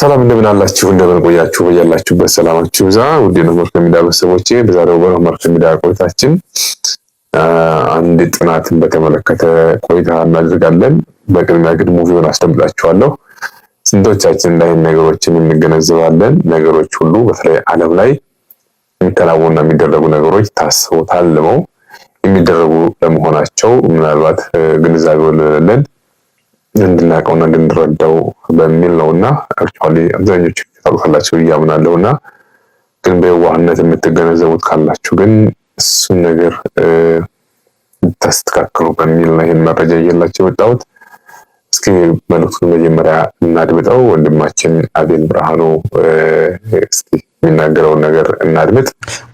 ሰላም እንደምን አላችሁ? እንደምን ቆያችሁ? በያላችሁበት ሰላማችሁ ብዛ። ውድ ኖመር ከሚዲያ ቤተሰቦቼ በዛሬው በኖመር ከሚዲያ ቆይታችን አንድ ጥናትን በተመለከተ ቆይታ እናደርጋለን። በቅድሚያ ግን ሙቪውን አስደምጣችኋለሁ። ስንቶቻችን ላይ ነገሮችን እንገነዘባለን? ነገሮች ሁሉ በተለይ ዓለም ላይ የሚከናወኑና የሚደረጉ ነገሮች ታስቦ ታልመው የሚደረጉ ለመሆናቸው ምናልባት ግንዛቤ ለሌለን እንድናውቀውና እንድንረዳው በሚል ነው እና አክቹዋሊ አብዛኞቹ ታውቁታላችሁ ብዬ አምናለሁ እና ግን በየዋህነት የምትገነዘቡት ካላችሁ ግን እሱን ነገር ታስተካክሉ በሚል ነው ይህን መረጃ እየላቸው የወጣሁት። እስኪ መልዕክቱን መጀመሪያ እናድምጠው። ወንድማችን አቤል ብርሃኑ እስኪ የሚናገረውን ነገር እናድምጥ።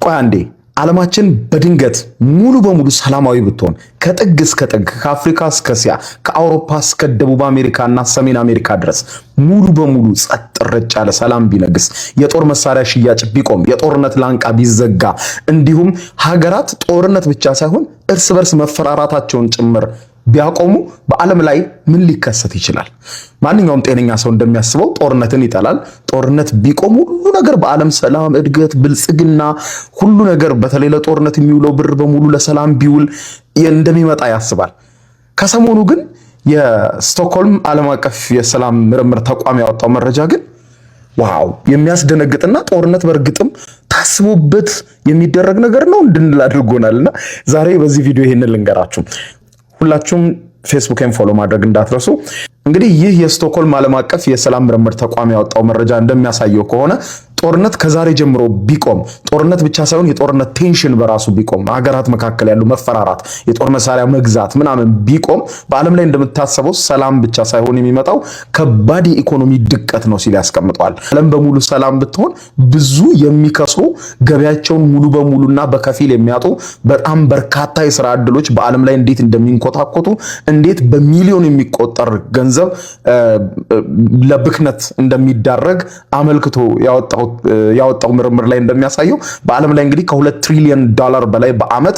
ቆይ አንዴ ዓለማችን በድንገት ሙሉ በሙሉ ሰላማዊ ብትሆን ከጥግ እስከ ጥግ ከአፍሪካ እስከ እስያ ከአውሮፓ እስከ ደቡብ አሜሪካ እና ሰሜን አሜሪካ ድረስ ሙሉ በሙሉ ጸጥ ረጭ ያለ ሰላም ቢነግስ፣ የጦር መሳሪያ ሽያጭ ቢቆም፣ የጦርነት ላንቃ ቢዘጋ፣ እንዲሁም ሀገራት ጦርነት ብቻ ሳይሆን እርስ በርስ መፈራራታቸውን ጭምር ቢያቆሙ በዓለም ላይ ምን ሊከሰት ይችላል? ማንኛውም ጤነኛ ሰው እንደሚያስበው ጦርነትን ይጠላል። ጦርነት ቢቆም ሁሉ ነገር በዓለም ሰላም፣ እድገት፣ ብልጽግና ሁሉ ነገር በተለይ ለጦርነት የሚውለው ብር በሙሉ ለሰላም ቢውል እንደሚመጣ ያስባል። ከሰሞኑ ግን የስቶክሆልም ዓለም አቀፍ የሰላም ምርምር ተቋም ያወጣው መረጃ ግን ዋው የሚያስደነግጥና ጦርነት በእርግጥም ታስቦበት የሚደረግ ነገር ነው እንድንል አድርጎናል። እና ዛሬ በዚህ ቪዲዮ ይሄንን ልንገራችሁ። ሁላችሁም ፌስቡክን ፎሎ ማድረግ እንዳትረሱ። እንግዲህ ይህ የስቶኮልም ዓለም አቀፍ የሰላም ምርምር ተቋም ያወጣው መረጃ እንደሚያሳየው ከሆነ ጦርነት ከዛሬ ጀምሮ ቢቆም፣ ጦርነት ብቻ ሳይሆን የጦርነት ቴንሽን በራሱ ቢቆም፣ ሀገራት መካከል ያሉ መፈራራት፣ የጦር መሳሪያ መግዛት ምናምን ቢቆም፣ በዓለም ላይ እንደምታሰበው ሰላም ብቻ ሳይሆን የሚመጣው ከባድ የኢኮኖሚ ድቀት ነው ሲል ያስቀምጠዋል። ዓለም በሙሉ ሰላም ብትሆን ብዙ የሚከስሩ ገበያቸውን ሙሉ በሙሉና በከፊል የሚያጡ በጣም በርካታ የስራ እድሎች በዓለም ላይ እንዴት እንደሚንኮታኮቱ እንዴት በሚሊዮን የሚቆጠር ገንዘብ ለብክነት እንደሚዳረግ አመልክቶ ያወጣው። ያወጣው ምርምር ላይ እንደሚያሳየው በዓለም ላይ እንግዲህ ከሁለት ትሪሊዮን ዶላር በላይ በዓመት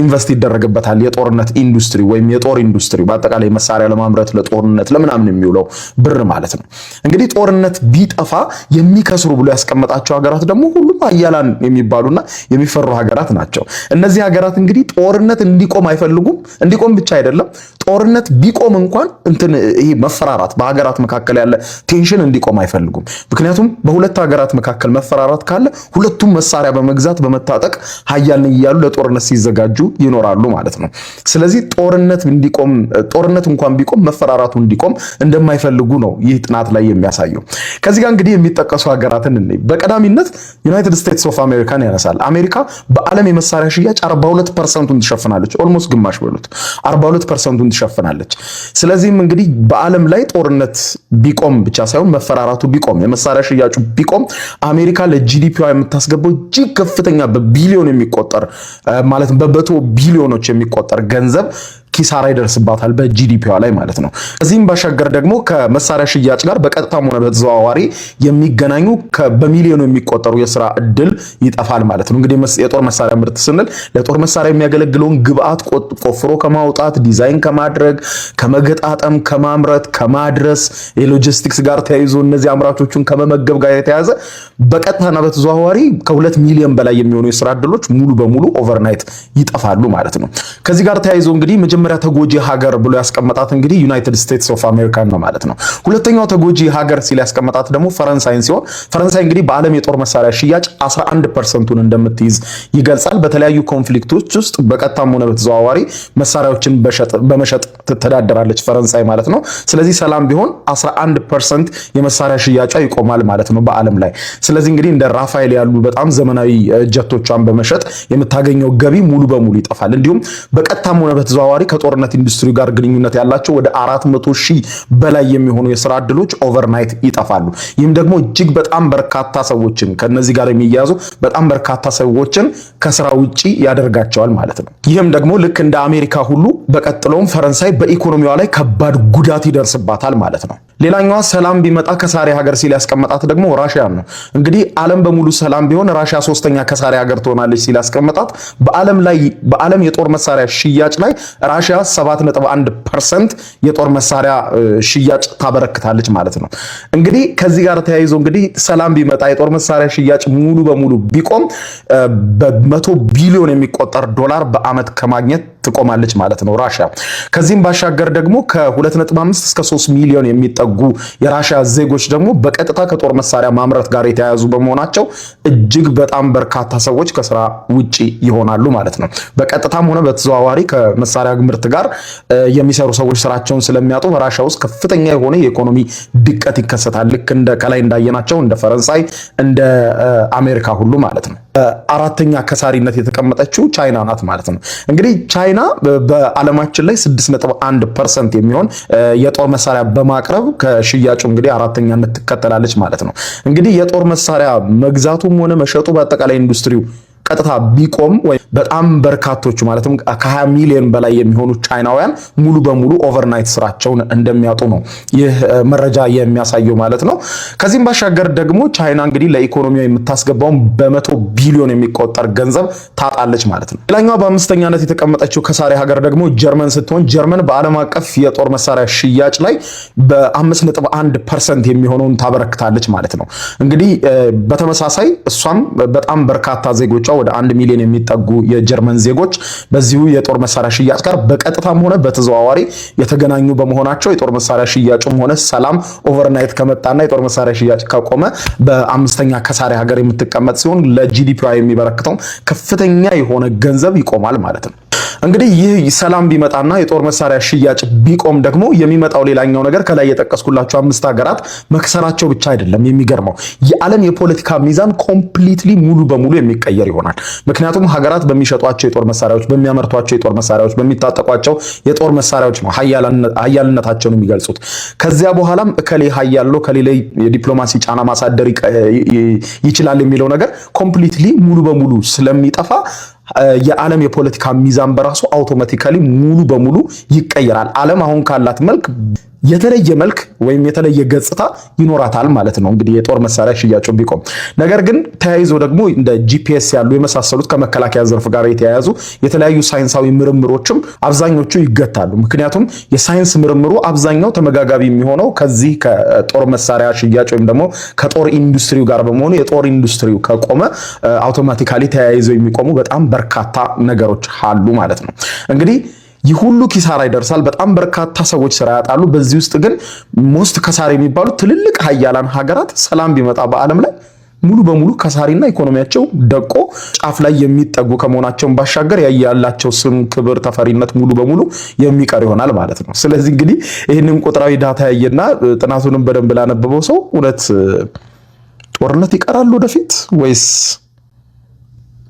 ኢንቨስት ይደረግበታል የጦርነት ኢንዱስትሪ ወይም የጦር ኢንዱስትሪ በአጠቃላይ መሳሪያ ለማምረት ለጦርነት ለምናምን የሚውለው ብር ማለት ነው። እንግዲህ ጦርነት ቢጠፋ የሚከስሩ ብሎ ያስቀመጣቸው ሀገራት ደግሞ ሁሉም አያላን የሚባሉና የሚፈሩ ሀገራት ናቸው። እነዚህ ሀገራት እንግዲህ ጦርነት እንዲቆም አይፈልጉም። እንዲቆም ብቻ አይደለም ጦርነት ቢቆም እንኳን እንትን ይሄ መፈራራት በሀገራት መካከል ያለ ቴንሽን እንዲቆም አይፈልጉም። ምክንያቱም በሁለት ሀገራት መካከል መፈራራት ካለ ሁለቱም መሳሪያ በመግዛት በመታጠቅ ሀያል እያሉ ለጦርነት ሲዘጋጁ ይኖራሉ ማለት ነው። ስለዚህ ጦርነት እንዲቆም ጦርነት እንኳን ቢቆም መፈራራቱ እንዲቆም እንደማይፈልጉ ነው ይህ ጥናት ላይ የሚያሳየው። ከዚህ ጋር እንግዲህ የሚጠቀሱ ሀገራትን እኔ በቀዳሚነት ዩናይትድ ስቴትስ ኦፍ አሜሪካን ያነሳል። አሜሪካ በዓለም የመሳሪያ ሽያጭ 42 ፐርሰንቱን ትሸፍናለች። ኦልሞስት ግማሽ በሉት 42 ፐርሰንቱን ትሸፍናለች። ስለዚህም እንግዲህ በዓለም ላይ ጦርነት ቢቆም ብቻ ሳይሆን መፈራራቱ ቢቆም፣ የመሳሪያ ሽያጩ ቢቆም አሜሪካ ለጂዲፒዋ የምታስገባው እጅግ ከፍተኛ በቢሊዮን የሚቆጠር ማለትም በመቶ ቢሊዮኖች የሚቆጠር ገንዘብ ኪሳራ ይደርስባታል በጂዲፒዋ ላይ ማለት ነው። ከዚህም ባሻገር ደግሞ ከመሳሪያ ሽያጭ ጋር በቀጥታም ሆነ በተዘዋዋሪ የሚገናኙ በሚሊዮኑ የሚቆጠሩ የስራ እድል ይጠፋል ማለት ነው። እንግዲህ የጦር መሳሪያ ምርት ስንል ለጦር መሳሪያ የሚያገለግለውን ግብአት ቆፍሮ ከማውጣት ዲዛይን ከማድረግ ከመገጣጠም፣ ከማምረት፣ ከማድረስ የሎጂስቲክስ ጋር ተያይዞ እነዚህ አምራቾቹን ከመመገብ ጋር የተያዘ በቀጥታና በተዘዋዋሪ ከሁለት ሚሊዮን በላይ የሚሆኑ የስራ እድሎች ሙሉ በሙሉ ኦቨርናይት ይጠፋሉ ማለት ነው። ከዚህ ጋር ተያይዞ እንግዲህ የመጀመሪያ ተጎጂ ሀገር ብሎ ያስቀመጣት እንግዲህ ዩናይትድ ስቴትስ ኦፍ አሜሪካን ነው ማለት ነው። ሁለተኛው ተጎጂ ሀገር ሲል ያስቀመጣት ደግሞ ፈረንሳይን ሲሆን ፈረንሳይ እንግዲህ በዓለም የጦር መሳሪያ ሽያጭ 11 ፐርሰንቱን እንደምትይዝ ይገልጻል። በተለያዩ ኮንፍሊክቶች ውስጥ በቀጥታም ሆነ በተዘዋዋሪ መሳሪያዎችን በመሸጥ ትተዳደራለች ፈረንሳይ ማለት ነው። ስለዚህ ሰላም ቢሆን 11 ፐርሰንት የመሳሪያ ሽያጫ ይቆማል ማለት ነው በዓለም ላይ። ስለዚህ እንግዲህ እንደ ራፋኤል ያሉ በጣም ዘመናዊ ጀቶቿን በመሸጥ የምታገኘው ገቢ ሙሉ በሙሉ ይጠፋል። እንዲሁም በቀጥታም ሆነ በተዘዋዋሪ ከጦርነት ኢንዱስትሪ ጋር ግንኙነት ያላቸው ወደ አራት ሺህ በላይ የሚሆኑ የስራ እድሎች ኦቨርናይት ይጠፋሉ። ይህም ደግሞ እጅግ በጣም በርካታ ሰዎችን ከነዚህ ጋር የሚያያዙ በጣም በርካታ ሰዎችን ከስራ ውጪ ያደርጋቸዋል ማለት ነው። ይህም ደግሞ ልክ እንደ አሜሪካ ሁሉ በቀጥሎም ፈረንሳይ በኢኮኖሚዋ ላይ ከባድ ጉዳት ይደርስባታል ማለት ነው። ሌላኛዋ ሰላም ቢመጣ ከሳሪ ሀገር ሲል ያስቀመጣት ደግሞ ራሽያን ነው። እንግዲህ ዓለም በሙሉ ሰላም ቢሆን ራሽያ ሶስተኛ ከሳሪ ሀገር ትሆናለች ሲል ያስቀመጣት በዓለም ላይ በዓለም የጦር መሳሪያ ሽያጭ ላይ ራሽያ 7.1 ፐርሰንት የጦር መሳሪያ ሽያጭ ታበረክታለች ማለት ነው። እንግዲህ ከዚህ ጋር ተያይዞ እንግዲህ ሰላም ቢመጣ የጦር መሳሪያ ሽያጭ ሙሉ በሙሉ ቢቆም በመቶ ቢሊዮን የሚቆጠር ዶላር በአመት ከማግኘት ትቆማለች ማለት ነው ራሽያ። ከዚህም ባሻገር ደግሞ ከ2.5 እስከ 3 ሚሊዮን የሚጠጉ የራሽያ ዜጎች ደግሞ በቀጥታ ከጦር መሳሪያ ማምረት ጋር የተያያዙ በመሆናቸው እጅግ በጣም በርካታ ሰዎች ከስራ ውጪ ይሆናሉ ማለት ነው። በቀጥታም ሆነ በተዘዋዋሪ ከመሳሪያ ምርት ጋር የሚሰሩ ሰዎች ስራቸውን ስለሚያጡ በራሽያ ውስጥ ከፍተኛ የሆነ የኢኮኖሚ ድቀት ይከሰታል። ልክ እንደ ከላይ እንዳየናቸው እንደ ፈረንሳይ፣ እንደ አሜሪካ ሁሉ ማለት ነው። አራተኛ ከሳሪነት የተቀመጠችው ቻይና ናት ማለት ነው እንግዲህ ቻይና በዓለማችን ላይ 6.1 ፐርሰንት የሚሆን የጦር መሳሪያ በማቅረብ ከሽያጩ እንግዲህ አራተኛነት ትከተላለች ማለት ነው። እንግዲህ የጦር መሳሪያ መግዛቱም ሆነ መሸጡ በአጠቃላይ ኢንዱስትሪው ቀጥታ ቢቆም ወይ በጣም በርካቶቹ ማለትም ከ20 ሚሊዮን በላይ የሚሆኑ ቻይናውያን ሙሉ በሙሉ ኦቨርናይት ስራቸውን እንደሚያጡ ነው ይህ መረጃ የሚያሳየው ማለት ነው። ከዚህም ባሻገር ደግሞ ቻይና እንግዲህ ለኢኮኖሚዋ የምታስገባውን በመቶ ቢሊዮን የሚቆጠር ገንዘብ ታጣለች ማለት ነው። ሌላኛዋ በአምስተኛነት የተቀመጠችው ከሳሪ ሀገር ደግሞ ጀርመን ስትሆን ጀርመን በዓለም አቀፍ የጦር መሳሪያ ሽያጭ ላይ በ5.1 ፐርሰንት የሚሆነውን ታበረክታለች ማለት ነው። እንግዲህ በተመሳሳይ እሷም በጣም በርካታ ዜጎች። ቁጥራቸው ወደ አንድ ሚሊዮን የሚጠጉ የጀርመን ዜጎች በዚሁ የጦር መሳሪያ ሽያጭ ጋር በቀጥታም ሆነ በተዘዋዋሪ የተገናኙ በመሆናቸው የጦር መሳሪያ ሽያጩም ሆነ ሰላም ኦቨርናይት ከመጣና የጦር መሳሪያ ሽያጭ ከቆመ በአምስተኛ ከሳሪ ሀገር የምትቀመጥ ሲሆን ለጂዲፒዋ የሚበረክተው ከፍተኛ የሆነ ገንዘብ ይቆማል ማለት ነው። እንግዲህ ይህ ሰላም ቢመጣና የጦር መሳሪያ ሽያጭ ቢቆም ደግሞ የሚመጣው ሌላኛው ነገር ከላይ የጠቀስኩላቸው አምስት ሀገራት መክሰራቸው ብቻ አይደለም። የሚገርመው የዓለም የፖለቲካ ሚዛን ኮምፕሊትሊ ሙሉ በሙሉ የሚቀየር ይሆናል። ምክንያቱም ሀገራት በሚሸጧቸው የጦር መሳሪያዎች፣ በሚያመርቷቸው የጦር መሳሪያዎች፣ በሚታጠቋቸው የጦር መሳሪያዎች ነው ሀያልነታቸውን የሚገልጹት። ከዚያ በኋላም እከሌ ሀያል ከሌላ የዲፕሎማሲ ጫና ማሳደር ይችላል የሚለው ነገር ኮምፕሊትሊ ሙሉ በሙሉ ስለሚጠፋ የዓለም የፖለቲካ ሚዛን በራሱ አውቶማቲካሊ ሙሉ በሙሉ ይቀየራል። ዓለም አሁን ካላት መልክ የተለየ መልክ ወይም የተለየ ገጽታ ይኖራታል ማለት ነው። እንግዲህ የጦር መሳሪያ ሽያጩ ቢቆም፣ ነገር ግን ተያይዞ ደግሞ እንደ ጂፒኤስ ያሉ የመሳሰሉት ከመከላከያ ዘርፍ ጋር የተያያዙ የተለያዩ ሳይንሳዊ ምርምሮችም አብዛኞቹ ይገታሉ። ምክንያቱም የሳይንስ ምርምሩ አብዛኛው ተመጋጋቢ የሚሆነው ከዚህ ከጦር መሳሪያ ሽያጭ ወይም ደግሞ ከጦር ኢንዱስትሪው ጋር በመሆኑ የጦር ኢንዱስትሪው ከቆመ አውቶማቲካሊ ተያይዘው የሚቆሙ በጣም በርካታ ነገሮች አሉ ማለት ነው እንግዲህ ይህ ሁሉ ኪሳራ ይደርሳል። በጣም በርካታ ሰዎች ስራ ያጣሉ። በዚህ ውስጥ ግን ሞስት ከሳሪ የሚባሉ ትልልቅ ሀያላን ሀገራት ሰላም ቢመጣ በዓለም ላይ ሙሉ በሙሉ ከሳሪና ኢኮኖሚያቸው ደቆ ጫፍ ላይ የሚጠጉ ከመሆናቸውን ባሻገር ያላቸው ስም፣ ክብር፣ ተፈሪነት ሙሉ በሙሉ የሚቀር ይሆናል ማለት ነው። ስለዚህ እንግዲህ ይህንን ቁጥራዊ ዳታ ያየና ጥናቱንም በደንብ ላነበበው ሰው እውነት ጦርነት ይቀራል ወደፊት ወይስ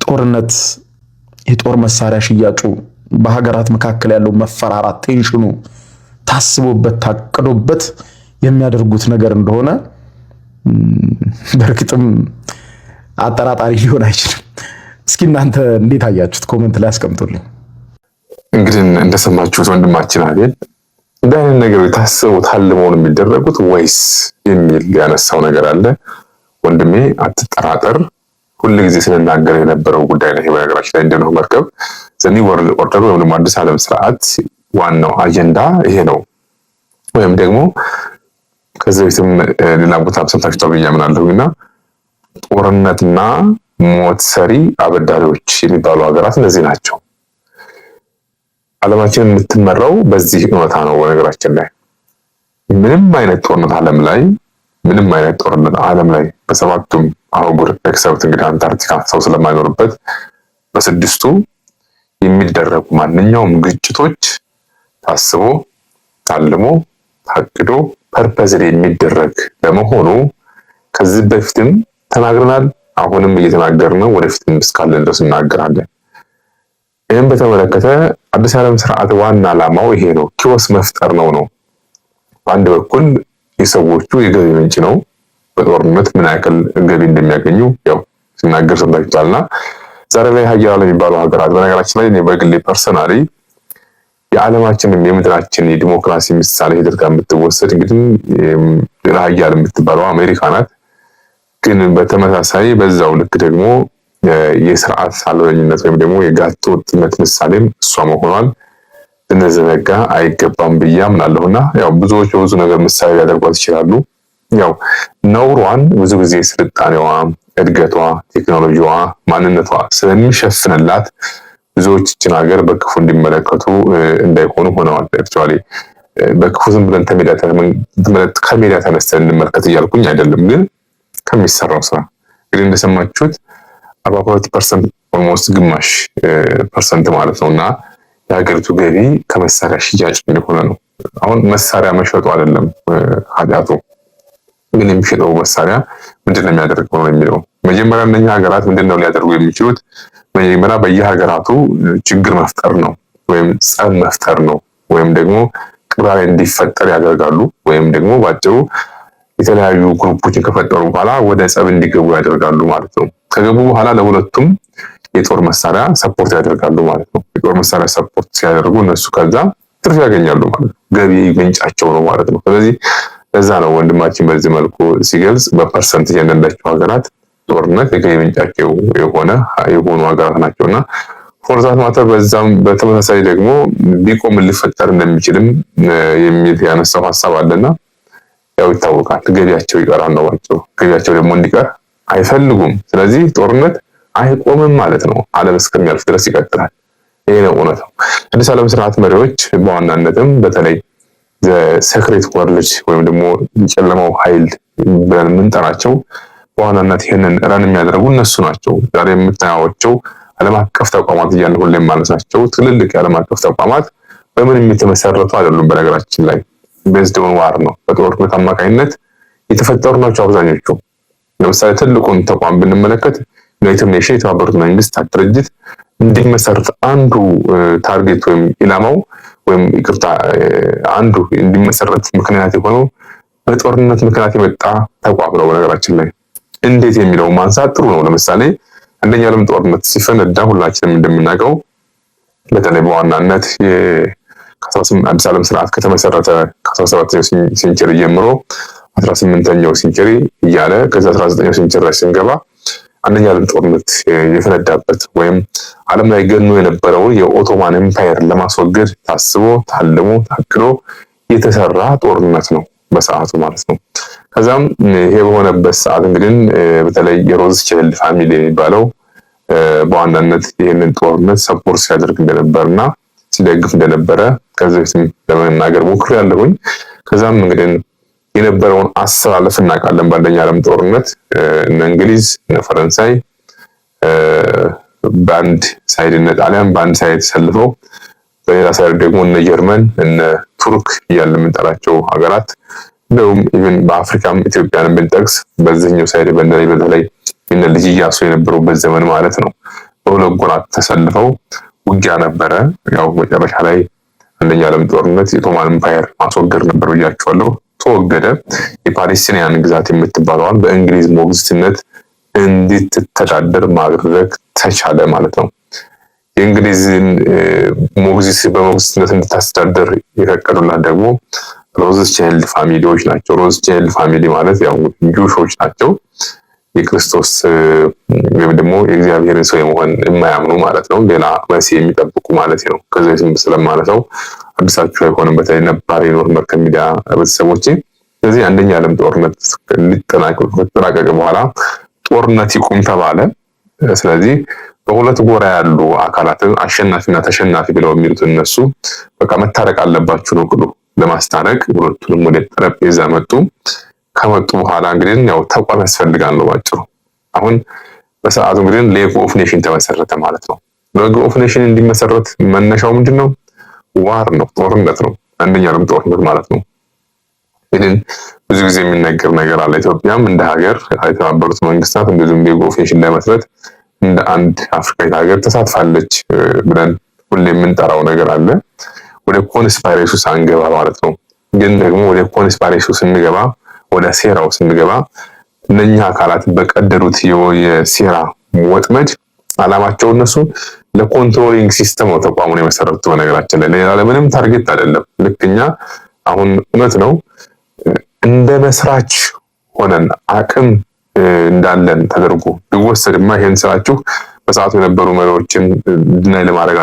ጦርነት የጦር መሳሪያ ሽያጩ በሀገራት መካከል ያለው መፈራራት ቴንሽኑ ታስቦበት ታቅዶበት የሚያደርጉት ነገር እንደሆነ በእርግጥም አጠራጣሪ ሊሆን አይችልም። እስኪ እናንተ እንዴት አያችሁት? ኮመንት ላይ አስቀምጡልኝ። እንግዲህ እንደሰማችሁት ወንድማችን አቤል እንደ አይነት ነገሮች ታስበው ታልመው የሚደረጉት ወይስ የሚል ያነሳው ነገር አለ። ወንድሜ አትጠራጠር። ሁልጊዜ ስንናገር የነበረው ጉዳይ ነው። በነገራችን ላይ እንደነው መርከብ ዘኒ ወርልድ ኦርደር ወይም ደግሞ አዲስ ዓለም ስርዓት ዋናው አጀንዳ ይሄ ነው። ወይም ደግሞ ከዚህ በፊትም ሌላ ቦታ ሰምታችኋል ብዬ አምናለሁ እና ጦርነትና ሞት ሰሪ አበዳሪዎች የሚባሉ ሀገራት እነዚህ ናቸው። ዓለማችን የምትመራው በዚህ እውነታ ነው። በነገራችን ላይ ምንም አይነት ጦርነት ዓለም ላይ ምንም አይነት ጦርነት ዓለም ላይ በሰባቱም አህጉር ኤክሰፕት እንግዲህ አንታርክቲካ ሰው ስለማይኖርበት በስድስቱ የሚደረጉ ማንኛውም ግጭቶች ታስቦ ታልሞ ታቅዶ ፐርፐዝል የሚደረግ ለመሆኑ ከዚህ በፊትም ተናግረናል። አሁንም እየተናገርን ነው። ወደፊትም እስካለን ድረስ እናገራለን። ይህም በተመለከተ አዲስ ዓለም ስርዓት ዋና ዓላማው ይሄ ነው፣ ኪዮስ መፍጠር ነው ነው በአንድ በኩል የሰዎቹ የገቢ ምንጭ ነው። በጦርነት ምን ያክል ገቢ እንደሚያገኙ ያው ሲናገር ሰምታችኋልና ዛሬ ላይ ሀያላን የሚባሉ ሀገራት በነገራችን ላይ እኔ በግሌ ፐርሰናሊ የዓለማችንም የምድራችን የዲሞክራሲ ምሳሌ ተደርጋ የምትወሰድ እንግዲህ ሀያል የምትባለው አሜሪካ ናት። ግን በተመሳሳይ በዛው ልክ ደግሞ የስርዓት አልበኝነት ወይም ደግሞ የጋቶ ወጥነት ምሳሌም እሷ መሆኗን ልንዘነጋ አይገባም ብዬ አምናለሁ እና ያው ብዙዎች በብዙ ነገር ምሳሌ ሊያደርጓት ይችላሉ። ያው ነውሯን ብዙ ጊዜ ስልጣኔዋ፣ እድገቷ፣ ቴክኖሎጂዋ፣ ማንነቷ ስለሚሸፍንላት ብዙዎች ሀገር በክፉ እንዲመለከቱ እንዳይሆኑ ሆነዋል። ኤርትራ በክፉ ዝም ብለን ከሜዳ ተነስተን እንመልከት እያልኩኝ አይደለም፣ ግን ከሚሰራው ስራ እንግዲህ እንደሰማችሁት አርባ ሁለት ፐርሰንት ኦልሞስት ግማሽ ፐርሰንት ማለት ነው እና የሀገሪቱ ገቢ ከመሳሪያ ሽያጭ እንደሆነ ነው። አሁን መሳሪያ መሸጡ አይደለም ኃጢአቱ ግን የሚሸጠው መሳሪያ ምንድን ነው የሚያደርገው ነው የሚለው። መጀመሪያ እነኛ ሀገራት ምንድን ነው ሊያደርጉ የሚችሉት? መጀመሪያ በየሀገራቱ ችግር መፍጠር ነው ወይም ጸብ መፍጠር ነው ወይም ደግሞ ቅራኔ እንዲፈጠር ያደርጋሉ። ወይም ደግሞ ባጭሩ የተለያዩ ግሩፖችን ከፈጠሩ በኋላ ወደ ጸብ እንዲገቡ ያደርጋሉ ማለት ነው። ከገቡ በኋላ ለሁለቱም የጦር መሳሪያ ሰፖርት ያደርጋሉ ማለት ነው። የጦር መሳሪያ ሰፖርት ሲያደርጉ እነሱ ከዛ ትርፍ ያገኛሉ ማለት ነው። ገቢ ምንጫቸው ነው ማለት ነው። ስለዚህ ለዛ ነው ወንድማችን በዚህ መልኩ ሲገልጽ በፐርሰንት ያንዳንዳቸው ሀገራት ጦርነት የገቢ ምንጫቸው የሆነ የሆኑ ሀገራት ናቸው እና ፎርዛት ማተር በዛም በተመሳሳይ ደግሞ ቢቆም ሊፈጠር እንደሚችልም የሚል ያነሳው ሀሳብ አለና ያው ይታወቃል። ገቢያቸው ይቀራል ነው ባቸው ገቢያቸው ደግሞ እንዲቀር አይፈልጉም። ስለዚህ ጦርነት አይቆምም ማለት ነው። ዓለም እስከሚያልፍ ድረስ ይቀጥላል። ይሄ ነው እውነታው። አዲስ ዓለም ስርዓት መሪዎች በዋናነትም በተለይ ሰክሬት ወርልድ ወይም ደግሞ የጨለማው ኃይል ብለን የምንጠራቸው በዋናነት ይህንን ረን የሚያደርጉ እነሱ ናቸው። ዛሬ የምታያቸው ዓለም አቀፍ ተቋማት እያለ ሁሌ የማነሳቸው ትልልቅ የዓለም አቀፍ ተቋማት በምንም የተመሰረቱ አይደሉም። በነገራችን ላይ ቤዝድ ኦን ዋር ነው፣ በጦርነት አማካኝነት የተፈጠሩ ናቸው አብዛኞቹ። ለምሳሌ ትልቁን ተቋም ብንመለከት ዩናይትድ ኔሽን የተባበሩት መንግስታት ድርጅት እንዲመሰረት አንዱ ታርጌት ወይም ኢላማው ወይም ይቅርታ አንዱ እንዲመሰረት ምክንያት የሆነው በጦርነት ምክንያት የመጣ ተቋም ነው። በነገራችን ላይ እንዴት የሚለው ማንሳት ጥሩ ነው። ለምሳሌ አንደኛው ዓለም ጦርነት ሲፈነዳ ሁላችንም እንደምናውቀው በተለይ በዋናነት አዲስ ዓለም ስርዓት ከተመሰረተ ከ17ኛው ሴንቸሪ ጀምሮ 18ኛው ሴንቸሪ እያለ ከዚ 19ኛው ሴንቸሪ ላይ ስንገባ አንደኛ ዓለም ጦርነት የፈነዳበት ወይም ዓለም ላይ ገኖ የነበረውን የኦቶማን ኤምፓየር ለማስወገድ ታስቦ ታልሞ ታቅዶ የተሰራ ጦርነት ነው በሰዓቱ ማለት ነው። ከዛም ይሄ በሆነበት ሰዓት እንግዲህ በተለይ የሮዝ ችህል ፋሚሊ የሚባለው በዋናነት ይህንን ጦርነት ሰፖርት ሲያደርግ እንደነበርና ሲደግፍ እንደነበረ ከዚህ በፊትም ለመናገር ሞክሬያለሁኝ። ከዛም እንግዲህ የነበረውን አስተላለፍ እናውቃለን። በአንደኛ ዓለም ጦርነት እነ እንግሊዝ እነ ፈረንሳይ በአንድ ሳይድ እነ ጣሊያን በአንድ ሳይድ ተሰልፈው፣ በሌላ ሳይድ ደግሞ እነ ጀርመን እነ ቱርክ እያለ የምንጠራቸው ሀገራት እንደውም ኢቨን በአፍሪካም ኢትዮጵያን ብንጠቅስ በዚህኛው ሳይድ በእንደ በተለይ እነ ልጅ እያሱ የነበሩበት ዘመን ማለት ነው። በሁለት ጎራት ተሰልፈው ውጊያ ነበረ። ያው መጨረሻ ላይ አንደኛ ዓለም ጦርነት የኦቶማን ኢምፓየር ማስወገድ ነበር ብያቸዋለሁ። ተወገደ። የፓሌስቲንያን ግዛት የምትባለዋን በእንግሊዝ ሞግዚትነት እንድትተዳደር ማድረግ ተቻለ ማለት ነው። የእንግሊዝን ሞግዚት በሞግዚትነት እንድታስተዳደር የፈቀዱላት ደግሞ ሮዝ ቻይልድ ፋሚሊዎች ናቸው። ሮዝ ቻይልድ ፋሚሊ ማለት ያው ጁሾች ናቸው። የክርስቶስ ወይም ደግሞ የእግዚአብሔርን ሰው የመሆን የማያምኑ ማለት ነው። ሌላ መሲ የሚጠብቁ ማለት ነው። ከዚ ስለማነሳው አዲሳችሁ አይሆንም። በተለይ ነባር የኖር መርከብ ሚዲያ ቤተሰቦቼ፣ ስለዚህ አንደኛ ዓለም ጦርነት ከተጠናቀቀ በኋላ ጦርነት ይቁም ተባለ። ስለዚህ በሁለት ጎራ ያሉ አካላትን አሸናፊና ተሸናፊ ብለው የሚሉት እነሱ በቃ መታረቅ አለባችሁ ነው ብሎ ለማስታረቅ ሁለቱንም ወደ ጠረጴዛ መጡ። ከመጡ በኋላ እንግዲህ ያው ተቋም ያስፈልጋል ነው ባጭሩ። አሁን በሰዓቱ እንግዲህ ሌግ ኦፍ ኔሽን ተመሰረተ ማለት ነው። ሌግ ኦፍ ኔሽን እንዲመሰረት መነሻው ምንድን ነው? ዋር ነው፣ ጦርነት ነው። አንደኛውም ጦርነት ማለት ነው። ይህን ብዙ ጊዜ የሚነገር ነገር አለ። ኢትዮጵያም እንደ ሀገር የተባበሩት መንግስታት እንደዚሁም ሌግ ኦፍ ኔሽን ለመስረት እንደ አንድ አፍሪካዊት ሀገር ተሳትፋለች ብለን ሁሌ የምንጠራው ነገር አለ። ወደ ኮንስፓይሬሽን ሳንገባ ማለት ነው። ግን ደግሞ ወደ ኮንስፓይሬሽን ስንገባ ወደ ሴራው ስንገባ እነኚህ አካላት በቀደዱት የሴራ ወጥመድ አላማቸው እነሱ ለኮንትሮሊንግ ሲስተም ነው ተቋሙን የመሰረቱት። በነገራችን ላይ ሌላ ለምንም ታርጌት አይደለም። ልክ እኛ አሁን እውነት ነው እንደ መስራች ሆነን አቅም እንዳለን ተደርጎ ቢወሰድማ ይሄን ስራችሁ በሰዓቱ የነበሩ መሪዎችን ድናይ ለማድረግ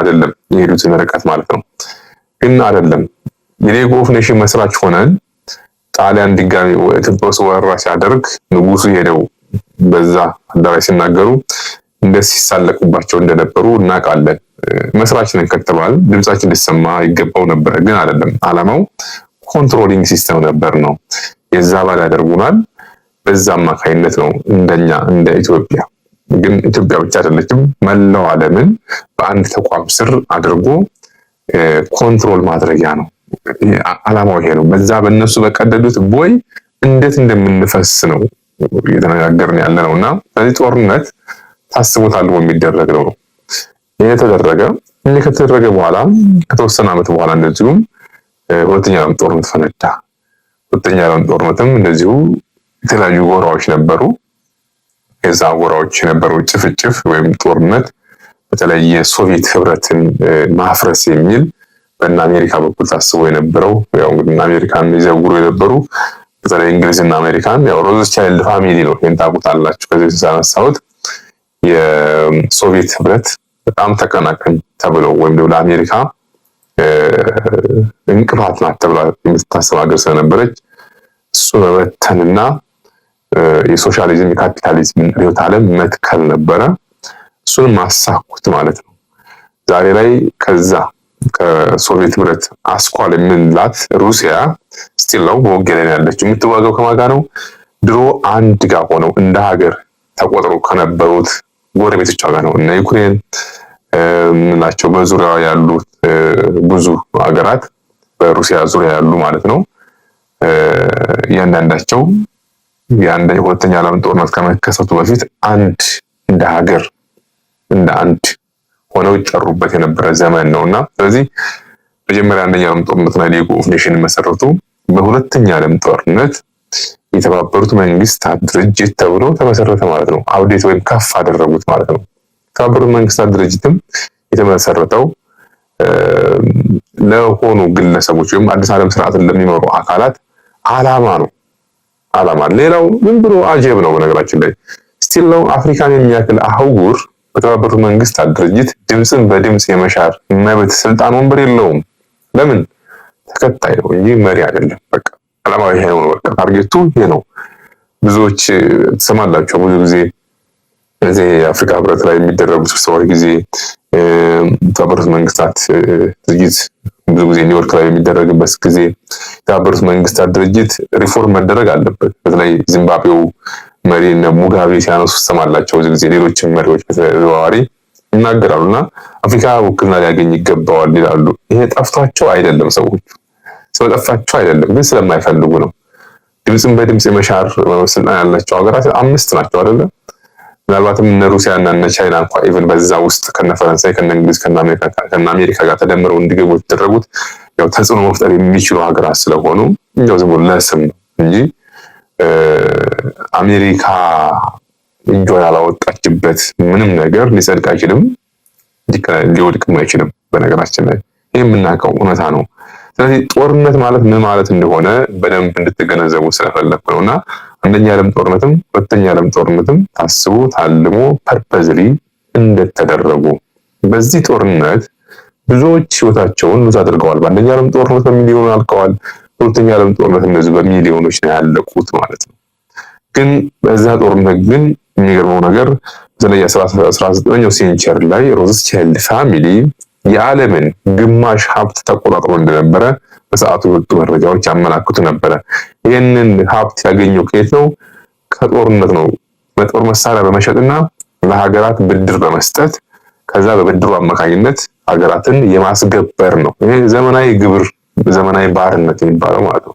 አይደለም የሄዱትን ርቀት ማለት ነው። ግን አይደለም የሌግ ኦፍ ኔሽን መስራች ሆነን ጣሊያን ድጋሚ ኢትዮጵያ ውስጥ ወረራ ሲያደርግ ንጉሱ ሄደው በዛ አዳራሽ ሲናገሩ እንደ ሲሳለቁባቸው እንደነበሩ እናውቃለን። መስራች ነን ከተባል ድምጻችን ሊሰማ ይገባው ነበረ፣ ግን አይደለም። አላማው ኮንትሮሊንግ ሲስተም ነበር ነው። የዛ ባል ያደርጉናል። በዛ አማካይነት ነው እንደኛ እንደ ኢትዮጵያ ግን ኢትዮጵያ ብቻ አይደለችም፣ መላው ዓለምን በአንድ ተቋም ስር አድርጎ ኮንትሮል ማድረጊያ ነው። አላማው ይሄ ነው። በዛ በእነሱ በቀደዱት ቦይ እንዴት እንደምንፈስ ነው እየተነጋገርን ያለ ነው። እና ስለዚህ ጦርነት ታስቦ ታልሞ የሚደረግ ነው ነው። ተደረገ። ይህ ከተደረገ በኋላ ከተወሰነ ዓመት በኋላ እንደዚሁም ሁለተኛ ዓለም ጦርነት ፈነዳ። ሁለተኛ ዓለም ጦርነትም እንደዚሁ የተለያዩ ጎራዎች ነበሩ። የዛ ጎራዎች የነበረው ጭፍጭፍ ወይም ጦርነት በተለይ የሶቪየት ህብረትን ማፍረስ የሚል በእና አሜሪካ በኩል ታስቦ የነበረው ያው እንግዲህ አሜሪካን የሚዘውሩ የነበሩ በተለይ እንግሊዝና አሜሪካን ያው ሮዝ ቻይልድ ፋሚሊ ነው። ይሄን ታውቁታላችሁ። ከዚህ ተሳነሳሁት የሶቪየት ህብረት በጣም ተቀናቃኝ ተብለው ወይም ደግሞ ለአሜሪካ እንቅፋት ናት ተብላ የምትታሰብ ሀገር ስለነበረች እሱ መበተንና የሶሻሊዝም የካፒታሊዝም ሪዮት ዓለም መትከል ነበረ። እሱንም አሳኩት ማለት ነው ዛሬ ላይ ከዛ ከሶቪየት ህብረት አስኳል የምንላት ሩሲያ ስቲል ነው በውጊያ ላይ ያለችው። የምትዋጋው ከማጋ ነው ድሮ አንድ ጋር ሆነው እንደ ሀገር ተቆጥሮ ከነበሩት ጎረቤቶች ጋር ነው። እና ዩክሬን ምንላቸው በዙሪያ ያሉት ብዙ ሀገራት በሩሲያ ዙሪያ ያሉ ማለት ነው። እያንዳንዳቸው የአንደ ሁለተኛ ዓለም ጦርነት ከመከሰቱ በፊት አንድ እንደ ሀገር እንደ አንድ ሆነው ይጠሩበት የነበረ ዘመን ነው እና ስለዚህ መጀመሪያ አንደኛ ዓለም ጦርነት ላይ ሊግ ኦፍ ኔሽን መሰረቱ። በሁለተኛ ዓለም ጦርነት የተባበሩት መንግስታት ድርጅት ተብሎ ተመሰረተ ማለት ነው። አብዴት ወይም ከፍ አደረጉት ማለት ነው። የተባበሩት መንግስታት ድርጅትም የተመሰረተው ለሆኑ ግለሰቦች ወይም አዲስ ዓለም ስርዓትን ለሚመሩ አካላት አላማ ነው። አላማ ሌላው ዝም ብሎ አጀብ ነው። በነገራችን ላይ ስቲል ነው አፍሪካን የሚያክል አህጉር በተባበሩት መንግስታት ድርጅት ድምፅን በድምፅ የመሻር መብት ስልጣን ወንበር የለውም። ለምን? ተከታይ ነው እንጂ መሪ አይደለም። በቃ አላማው ይሄ ነው። በቃ ታርጌቱ ይሄ ነው። ብዙዎች ትሰማላቸው ብዙ ጊዜ እዚህ የአፍሪካ ህብረት ላይ የሚደረጉ ስብሰባዎች ጊዜ የተባበሩት መንግስታት ድርጅት ብዙ ጊዜ ኒውዮርክ ላይ የሚደረግበት ጊዜ የተባበሩት መንግስታት ድርጅት ሪፎርም መደረግ አለበት። በተለይ ዚምባብዌው መሪ እነ ሙጋቤ ሲያነሱ ሰማላቸው። ብዙ ጊዜ ሌሎችም መሪዎች በተዘዋዋሪ ይናገራሉ እና አፍሪካ ውክልና ሊያገኝ ይገባዋል ይላሉ። ይሄ ጠፍቷቸው አይደለም፣ ሰዎቹ ስለጠፍቷቸው አይደለም፣ ግን ስለማይፈልጉ ነው። ድምፅን በድምፅ የመሻር ስልጣን ያላቸው ሀገራት አምስት ናቸው አይደለም። ምናልባትም እነ ሩሲያ እና እነ ቻይና እንኳ ኢቨን በዛ ውስጥ ከነ ፈረንሳይ ከነ እንግሊዝ ከነ አሜሪካ ጋር ተደምረው እንዲገቡ የተደረጉት ያው ተጽዕኖ መፍጠር የሚችሉ ሀገራት ስለሆኑ ያው ዝም ብሎ ለስም ነው እንጂ አሜሪካ እጇን ያላወጣችበት ምንም ነገር ሊጸድቅ አይችልም፣ ሊወድቅም አይችልም። በነገራችን ላይ ይህ የምናውቀው እውነታ ነው። ስለዚህ ጦርነት ማለት ምን ማለት እንደሆነ በደንብ እንድትገነዘቡ ስለፈለግኩ ነው እና አንደኛ ዓለም ጦርነትም ሁለተኛ ዓለም ጦርነትም ታስቦ ታልሞ ፐርፐዝሊ እንደተደረጉ በዚህ ጦርነት ብዙዎች ህይወታቸውን ብዙ አድርገዋል። በአንደኛ ዓለም ጦርነት በሚሊዮን አልቀዋል። ሁለተኛ ዓለም ጦርነት እነዚህ በሚሊዮኖች ነው ያለቁት ማለት ነው። ግን በዛ ጦርነት ግን የሚገርመው ነገር በተለይ 19ኛው ሴንቸሪ ላይ ሮዝስ ቻይልድ ፋሚሊ የዓለምን ግማሽ ሀብት ተቆጣጥሮ እንደነበረ በሰዓቱ የወጡ መረጃዎች ያመላክቱ ነበረ። ይህንን ሀብት ያገኘው ከየት ነው? ከጦርነት ነው። በጦር መሳሪያ በመሸጥና ለሀገራት ብድር በመስጠት ከዛ በብድሩ አማካኝነት ሀገራትን የማስገበር ነው። ይሄ ዘመናዊ ግብር ዘመናዊ ባርነት የሚባለው ማለት ነው።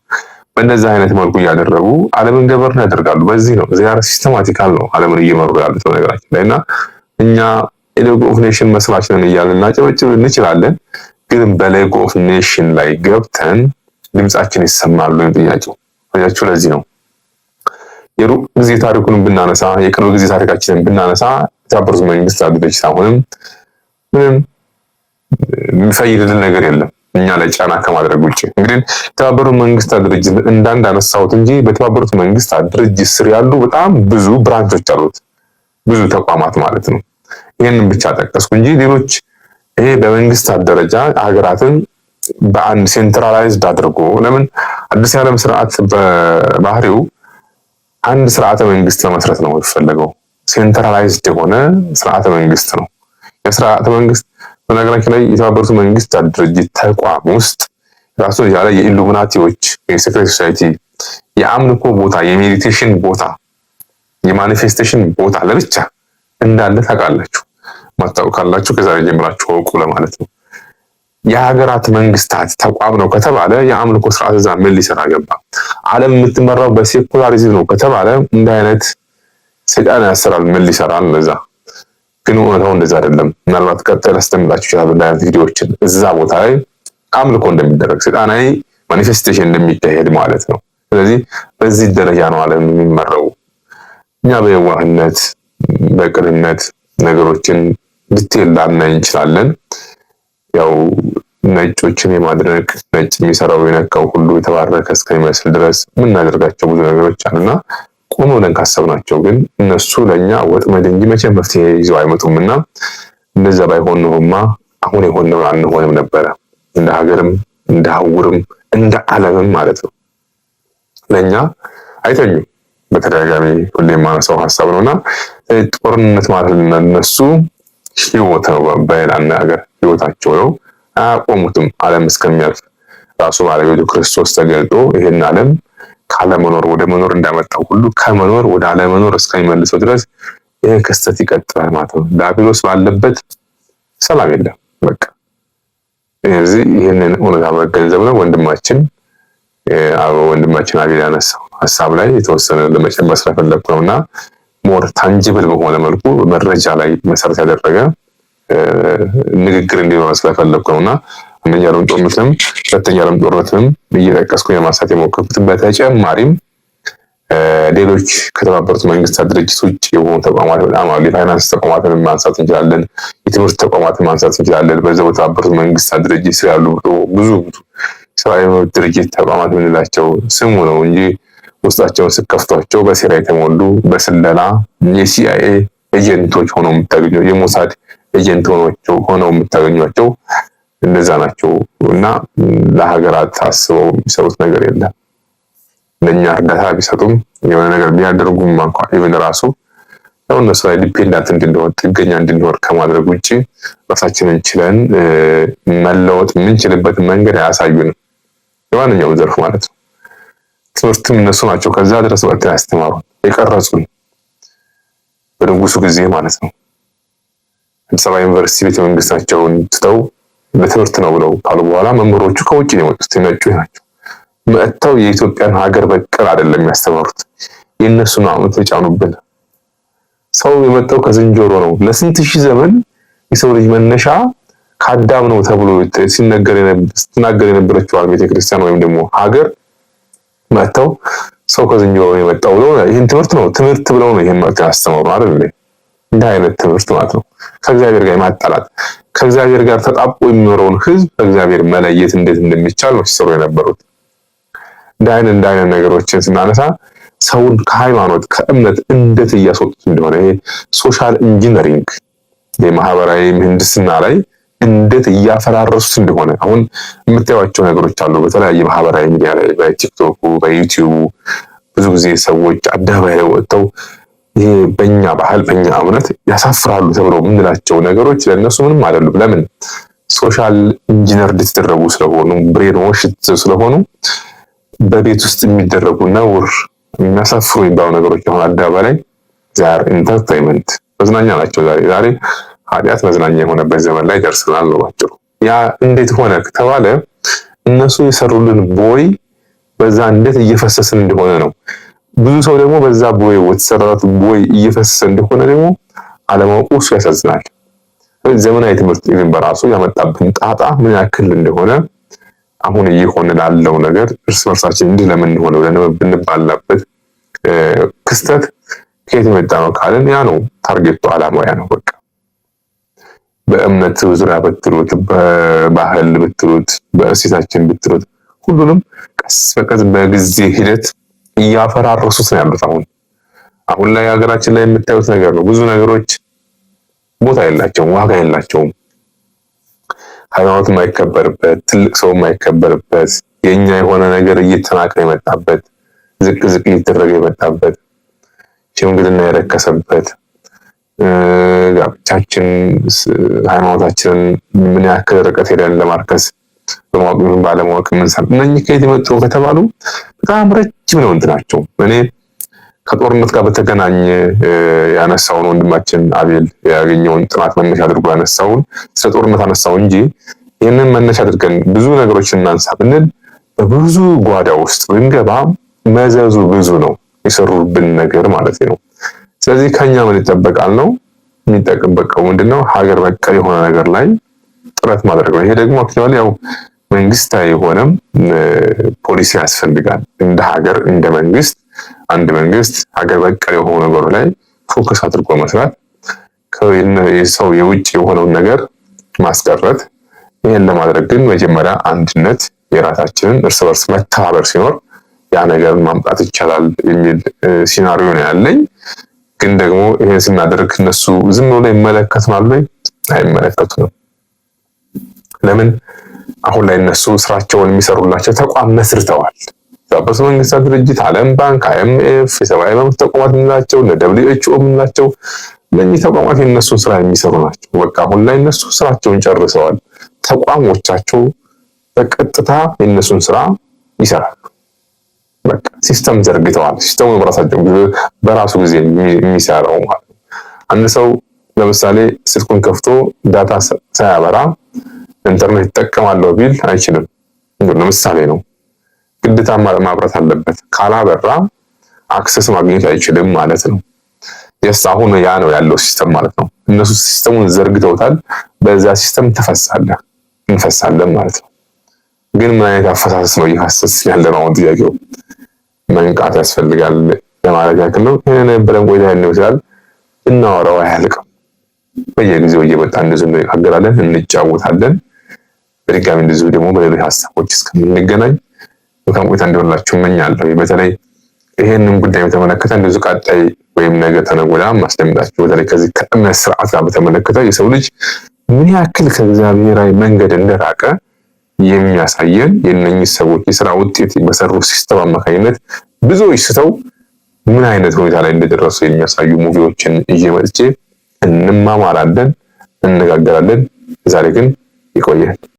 በእንደዚህ አይነት መልኩ እያደረጉ ዓለምን ገበርን ያደርጋሉ። በዚህ ነው ዚያር ሲስተማቲካል ነው ዓለምን እየመሩ ያሉት ነገራችን ላይ እና እኛ ሌጎ ኦፍ ኔሽን መስራች ነን እያልን እናጨበጭብ እንችላለን። ግን በሌጎ ኦፍ ኔሽን ላይ ገብተን ድምጻችን ይሰማሉ ጥያቄው ያቸው ለዚህ ነው የሩቅ ጊዜ ታሪኩን ብናነሳ የቅርብ ጊዜ ታሪካችንን ብናነሳ የተባበሩት መንግስታት ድርጅት አሁንም ምንም የሚፈይድልን ነገር የለም። እኛ ላይ ጫና ከማድረግ ውጭ እንግዲህ የተባበሩት መንግስታት ድርጅት እንዳንድ አነሳሁት እንጂ በተባበሩት መንግስታት ድርጅት ስር ያሉ በጣም ብዙ ብራንቾች አሉት፣ ብዙ ተቋማት ማለት ነው። ይህንን ብቻ ጠቀስኩ እንጂ ሌሎች ይሄ በመንግስታት ደረጃ ሀገራትን በአንድ ሴንትራላይዝድ አድርጎ ለምን አዲስ የዓለም ስርዓት በባህሪው አንድ ስርዓተ መንግስት ለመስረት ነው የተፈለገው። ሴንትራላይዝድ የሆነ ስርዓተ መንግስት ነው። የስርዓተ መንግስት በነገራችን ላይ የተባበሩት መንግስታት ድርጅት ተቋም ውስጥ ራሱን የቻለ የኢሉሚናቲዎች የሴክሬት ሶሳይቲ የአምልኮ ቦታ፣ የሜዲቴሽን ቦታ፣ የማኒፌስቴሽን ቦታ ለብቻ እንዳለ ታውቃላችሁ። ማታወቅ ካላችሁ ከዛሬ ጀምራችሁ ወቁ ለማለት ነው። የሀገራት መንግስታት ተቋም ነው ከተባለ የአምልኮ ስርዓት እዛ ምን ሊሰራ ገባ? ዓለም የምትመራው በሴኩላሪዝም ነው ከተባለ እንደ አይነት ሰይጣን ያሰራል ምን ሊሰራል እዛ ግን እውነታው እንደዛ አይደለም። ምናልባት ቀጣይ ላስተምራችሁ ይችላል አይነት ቪዲዮዎችን እዛ ቦታ ላይ አምልኮ እንደሚደረግ ሰይጣናዊ ማኒፌስቴሽን እንደሚካሄድ ማለት ነው። ስለዚህ በዚህ ደረጃ ነው ዓለም የሚመራው። እኛ በየዋህነት በቅንነት ነገሮችን ዲቴል ላናይ እንችላለን። ያው ነጮችን የማድረግ ነጭ የሚሰራው የነካው ሁሉ የተባረከ እስከሚመስል ድረስ የምናደርጋቸው ብዙ ነገሮች አሉና ቁም ብለን ካሰብናቸው ግን እነሱ ለእኛ ወጥመድ እንጂ መቼ መፍትሄ ይዘው አይመጡም እና እንደዛ ባይሆን ነውማ አሁን የሆነውን አንሆንም ነበረ። እንደ ሀገርም እንደ አህጉርም እንደ ዓለምም ማለት ነው። ለእኛ አይተኙም። በተደጋጋሚ ሁሌ የማነሳው ሀሳብ ነው እና ጦርነት ማለት ለእነሱ ህይወት ነው። በሌላ አነጋገር ህይወታቸው ነው። አያቆሙትም። ዓለም እስከሚያልፍ ራሱ ባለቤቱ ክርስቶስ ተገልጦ ይሄን ዓለም ካለመኖር ወደ መኖር እንዳመጣው ሁሉ ከመኖር ወደ አለመኖር እስከሚመልሰው ድረስ ይህ ክስተት ይቀጥላል ማለት ነው። ዲያብሎስ ባለበት ሰላም የለም። በቃ ስለዚህ ይህንን እውነታ መገንዘብ ነው። ወንድማችን ወንድማችን አቤል ያነሳው ሀሳብ ላይ የተወሰነ ለመጨመር ስለፈለግኩ ነው እና ሞር ታንጅብል በሆነ መልኩ መረጃ ላይ መሰረት ያደረገ ንግግር እንዲኖር ስለፈለግኩ ነው እና አንደኛ ዓለም ጦርነትንም ሁለተኛ ዓለም ጦርነትንም እየጠቀስኩ የማንሳት የሞከርኩት በተጨማሪም ሌሎች ከተባበሩት መንግስታት ድርጅት ውጭ የሆኑ ተቋማት በጣም አሉ። የፋይናንስ ተቋማትን ማንሳት እንችላለን። የትምህርት ተቋማትን ማንሳት እንችላለን። በዚ በተባበሩት መንግስታት ድርጅት ስር ያሉ ብዙ ብዙ ሰብአዊ መብት ድርጅት ተቋማት የምንላቸው ስሙ ነው እንጂ ውስጣቸውን ስከፍቷቸው በሴራ የተሞሉ በስለላ የሲአይኤ ኤጀንቶች ሆነው የምታገኘው የሞሳድ ኤጀንት ሆነው የምታገኟቸው እንደዛ ናቸው እና ለሀገራት ታስበው የሚሰሩት ነገር የለም። ለእኛ እርዳታ ቢሰጡም የሆነ ነገር ቢያደርጉም እንኳ ኢቨን ራሱ ያው እነሱ ላይ ዲፔንዳንት እንድንሆን ጥገኛ እንድንሆን ከማድረግ ውጭ ራሳችንን ችለን መለወጥ የምንችልበትን መንገድ አያሳዩንም። የማንኛውም ዘርፍ ማለት ነው። ትምህርትም እነሱ ናቸው ከዛ ድረስ መጥተን ያስተማሩን የቀረጹን በንጉሱ ጊዜ ማለት ነው። አዲስ አበባ ዩኒቨርሲቲ ቤተመንግስታቸውን ትተው በትምህርት ነው ብለው ካሉ በኋላ መምህሮቹ ከውጭ ነው የመጡት፣ ነጩ ናቸው። መጥተው የኢትዮጵያን ሀገር በቀል አይደለም የሚያስተማሩት፣ ነው አመት ተጫኑብን። ሰው የመጣው ከዝንጀሮ ነው። ለስንት ሺህ ዘመን የሰው ልጅ መነሻ ከአዳም ነው ተብሎ ስትናገር የነበረችው ቤተክርስቲያን ወይም ደግሞ ሀገር መጥተው ሰው ከዝንጀሮ የመጣው ብለው ይህን ትምህርት ነው ትምህርት ብለው ነው ይህን መጥተው ያስተማሩ አይደል? ዳይሬክት ትምህርት ማለት ነው። ከእግዚአብሔር ጋር የማጣላት ከእግዚአብሔር ጋር ተጣብቆ የሚኖረውን ህዝብ ከእግዚአብሔር መለየት እንዴት እንደሚቻል ነው ሲሰሩ የነበሩት። እንዲህ አይነት አይነት ነገሮችን ስናነሳ ሰውን ከሃይማኖት ከእምነት እንዴት እያስወጡት እንደሆነ ይሄ ሶሻል ኢንጂነሪንግ የማህበራዊ ምህንድስና ላይ እንዴት እያፈራረሱት እንደሆነ አሁን የምታዩቸው ነገሮች አሉ። በተለያየ ማህበራዊ ሚዲያ ላይ በቲክቶኩ፣ በዩቲዩቡ ብዙ ጊዜ ሰዎች አደባባይ ላይ ወጥተው ይሄ በእኛ ባህል በእኛ እምነት ያሳፍራሉ ተብለው የምንላቸው ነገሮች ለእነሱ ምንም አይደሉም። ለምን ሶሻል ኢንጂነር የተደረጉ ስለሆኑ ብሬን ወሽት ስለሆኑ በቤት ውስጥ የሚደረጉ ነውር የሚያሳፍሩ የሚባሉ ነገሮች አሁን አደባባይ ላይ ዛር ኢንተርቴንመንት መዝናኛ ናቸው። ዛሬ ዛሬ ኃጢአት መዝናኛ የሆነበት ዘመን ላይ ደርሰናል ነው ባጭሩ። ያ እንዴት ሆነ ከተባለ እነሱ የሰሩልን ቦይ በዛ እንዴት እየፈሰስን እንደሆነ ነው ብዙ ሰው ደግሞ በዛ ቦይ የተሰራት ቦይ እየፈሰሰ እንደሆነ ደግሞ አለማወቁ እሱ ያሳዝናል። ዘመናዊ ትምህርት ኢቨን በራሱ ያመጣብን ጣጣ ምን ያክል እንደሆነ አሁን እየሆነ ላለው ነገር እርስ በርሳችን እንዲህ ለምን እንደሆነ ብለን ብንባላበት ክስተት ከየት የመጣ ነው ካለን፣ ያ ነው ታርጌቱ፣ አላማው ያ ነው በቃ በእምነት ዙሪያ ብትሉት፣ በባህል ብትሉት፣ በእሴታችን ብትሉት ሁሉንም ቀስ በቀስ በጊዜ ሂደት እያፈራረሱት ነው ያሉት። አሁን አሁን ላይ ሀገራችን ላይ የምታዩት ነገር ነው። ብዙ ነገሮች ቦታ የላቸውም፣ ዋጋ የላቸውም። ሃይማኖት የማይከበርበት፣ ትልቅ ሰው የማይከበርበት፣ የኛ የሆነ ነገር እየተናቀ የመጣበት፣ ዝቅ ዝቅ እየተደረገ የመጣበት፣ ሽምግልና የረከሰበት ጋብቻችን ሃይማኖታችንን ምን ያክል ርቀት ሄደን ለማርከስ በማወቅ ባለማወቅ የምንሰራ እነኚህ ከየት የመጡ ከተባሉ በጣም ረጅም ነው እንትናቸው እኔ ከጦርነት ጋር በተገናኘ ያነሳውን ወንድማችን አቤል ያገኘውን ጥናት መነሻ አድርጎ ያነሳውን ስለ ጦርነት አነሳው እንጂ ይህንን መነሻ አድርገን ብዙ ነገሮች እናንሳ ብንል በብዙ ጓዳ ውስጥ ብንገባ መዘዙ ብዙ ነው፣ የሰሩብን ነገር ማለት ነው። ስለዚህ ከኛ ምን ይጠበቃል ነው የሚጠበቀው ምንድን ነው? ሀገር በቀል የሆነ ነገር ላይ ጥረት ማድረግ ነው። ይሄ ደግሞ አክቹዋሊ ያው መንግስታዊ የሆነም ፖሊሲ ያስፈልጋል። እንደ ሀገር እንደ መንግስት አንድ መንግስት ሀገር በቀል የሆኑ ነገሮች ላይ ፎከስ አድርጎ መስራት፣ ሰው የውጭ የሆነውን ነገር ማስቀረት። ይህን ለማድረግ ግን መጀመሪያ አንድነት፣ የራሳችንን እርስ በርስ መተባበር ሲኖር ያ ነገር ማምጣት ይቻላል የሚል ሲናሪዮ ነው ያለኝ። ግን ደግሞ ይህን ስናደርግ እነሱ ዝም ብሎ ይመለከቱናል ወይ? አይመለከቱንም። ለምን አሁን ላይ እነሱ ስራቸውን የሚሰሩላቸው ተቋም መስርተዋል። የተባበሩት መንግስታት ድርጅት፣ ዓለም ባንክ፣ አይኤምኤፍ፣ የሰብአዊ መብት ተቋማት የምንላቸው እነ ደብሊው ኤች ኦ የምንላቸው እነዚህ ተቋማት የእነሱን ስራ የሚሰሩ ናቸው። በቃ አሁን ላይ እነሱ ስራቸውን ጨርሰዋል። ተቋሞቻቸው በቀጥታ የእነሱን ስራ ይሰራሉ። በቃ ሲስተም ዘርግተዋል። ሲስተሙ በራሳቸው በራሱ ጊዜ የሚሰራው ማለት ነው። አንድ ሰው ለምሳሌ ስልኩን ከፍቶ ዳታ ሳያበራ ኢንተርኔት ይጠቀማለሁ ቢል አይችልም። እንግዲህ ለምሳሌ ነው። ግዴታ ማብራት አለበት። ካላበራ አክሰስ ማግኘት አይችልም ማለት ነው። የስ አሁን ያ ነው ያለው ሲስተም ማለት ነው። እነሱ ሲስተሙን ዘርግተውታል። በዛ ሲስተም ትፈሳለህ እንፈሳለን ማለት ነው። ግን ምን አይነት አፈሳሰስ ነው እየፈሰስ ያለ ነው? አሁን ጥያቄው መንቃት ያስፈልጋል ለማለት ያክል ነው። ይህንን ብለን ቆይታ ያለው ይችላል እናወራው አያልቅም። በየጊዜው እየመጣ እንደዚህ እንነጋገራለን፣ እንጫወታለን። በድጋሚ እንደዚሁ ደግሞ በሌሎች ሀሳቦች እስከምንገናኝ መልካም ቆይታ እንዲሆንላችሁ እመኛለሁ። በተለይ ይህንን ጉዳይ በተመለከተ እንደዚሁ ቀጣይ ወይም ነገ ተነጎዳ ማስደምጣችሁ በተለይ ከዚህ ከእምነት ስርዓት ጋር በተመለከተ የሰው ልጅ ምን ያክል ከእግዚአብሔራዊ መንገድ እንደራቀ የሚያሳየን የእነኚህ ሰዎች የስራ ውጤት በሰሩ ሲስተም አማካኝነት ብዙዎች ስተው ምን አይነት ሁኔታ ላይ እንደደረሱ የሚያሳዩ ሙቪዎችን እየመጥቼ እንማማራለን፣ እንነጋገራለን። ዛሬ ግን ይቆያል።